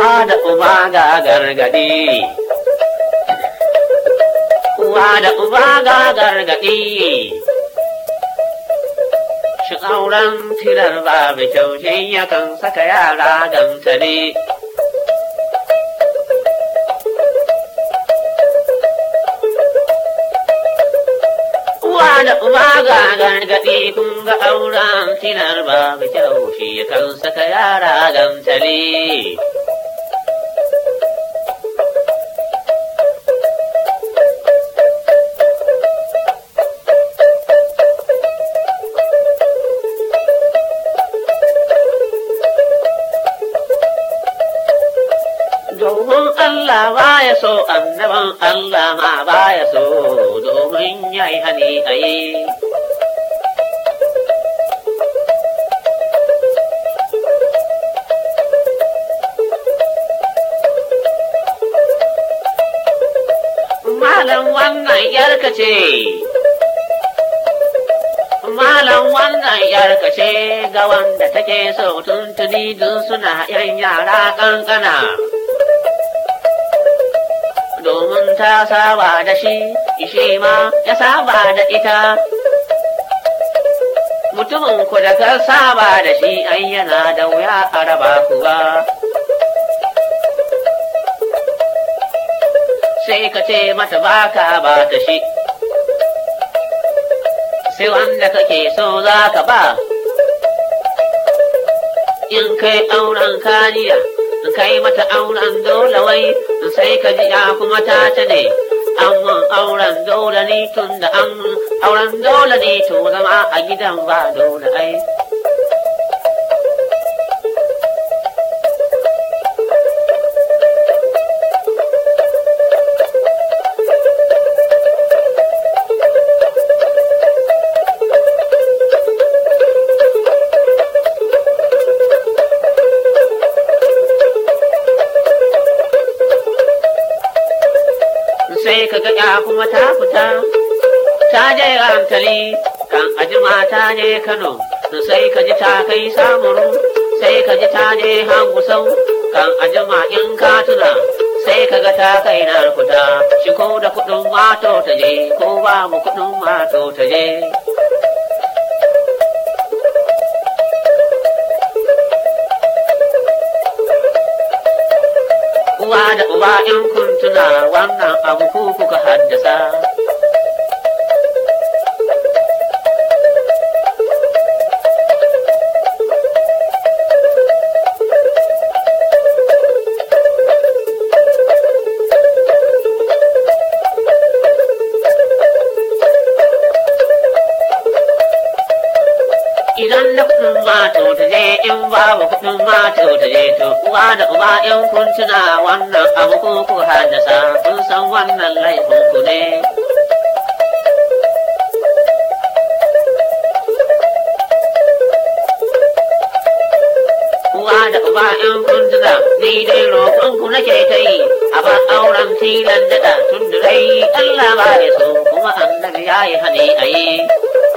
Uwa da uba ga gargaɗi. Uwa da uba ga gargaɗi. Shi auren tilar babu kyaushe yakan saka yara gantare. Uwa da uba ga gargaɗi kun ga auren tilar babu kyaushe yakan saka yara gantare. Allah baya so annaban Allah ma ya so domin yayi hani yi. Malam wannan yarka ce, malam wannan yarka ce ga wanda take so tuntuni dun suna yan yara ƙanƙana. domin ta saba da shi, ishe ma ya saba da ita. Mutumin ku da ka saba da shi ai yana da wuya a raba kuwa. Sai ka ce mata baka ba ta shi, sai wanda kake so za ka ba, in kai auren kariya. in kai mata auren dole wai sai ka ji ya kuma ta ta ne amma auren dole ne tun da an auren dole ne to zama a gidan ba dole ai sai ka ga ya kuma ta fita. Ta je hankali kan ajima ta je Kano, sai ka ji ta kai samuru, sai ka ji ta je hangusau, kan ajima in ka tuna. sai ka ga ta kai na rukuta shi ko da kudin mato ta je ko ba mu kudin mato ta je uwa da uba in ku Tunawa wannan abu ku kuka haddasa idan da kuɗin ma tautare in babu kuɗin ma tautare to uwa da uba in kun tuna wannan abu ko ku haddasa kun san wannan laifin ku ne. Uwa da uba in kun tuna ni dai roƙon ku nake ta yi a ba auren tilan daɗa tun Allah ba ya so kuma annabi ya yi hane a yi.